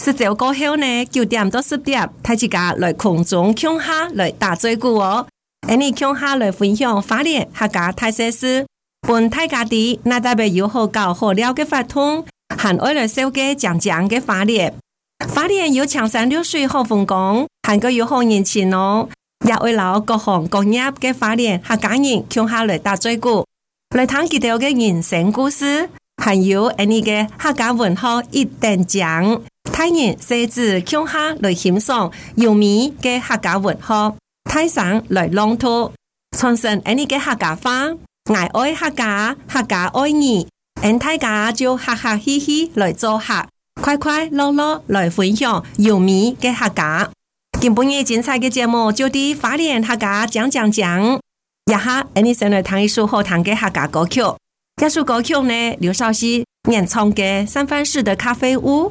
十走過後呢，九點多十點，大家來空中客家來打嘴鼓哦！𠊎 俚客家來分享花蓮客家大細事，本台家的那代表有好高好料個發通，還愛來收嘅獎講嘅花蓮，花蓮有青山綠水好風光，還閣有好年輕哦，也會老各行各業的花蓮客家人客家來打嘴鼓，來談幾條的人生故事，還有 𠊎 俚嘅客家文化一等獎。泰然設置鄉下來欣賞，優米嘅客家文化，泰省來浪濤，傳承呢啲嘅客家風愛愛客家，客家愛你，咁客家就哈哈嘻嘻來做客，快快樂樂來分享，優米嘅客家。今晡日精彩嘅節目就啲花蓮客家講講講，呀哈！呢、欸、先來彈一首好聽嘅客家歌曲，這首歌曲呢劉少熙演唱嘅《年的三藩市的咖啡屋》。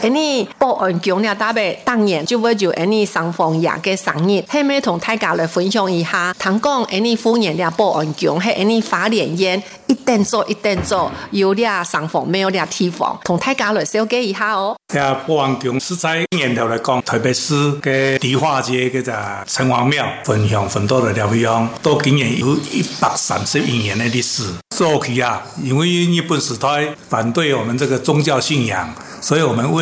哎，你保安宮了，台北當然就要就哎你城隍呀嘅生日，下面同大家來分享一下。坦講，哎你富源了，保安宮，哎你花蓮縣，一定做一定做，有倆上訪，沒有倆提防。同大家來小結一下哦。哎，保安宮是在源頭來講，特別是嘅迪化街嘅就城隍廟，分享很多的了，不一樣。都今年有一百三十幾年的歷史。早期啊，因為日本時代反對我們這個宗教信仰，所以我們為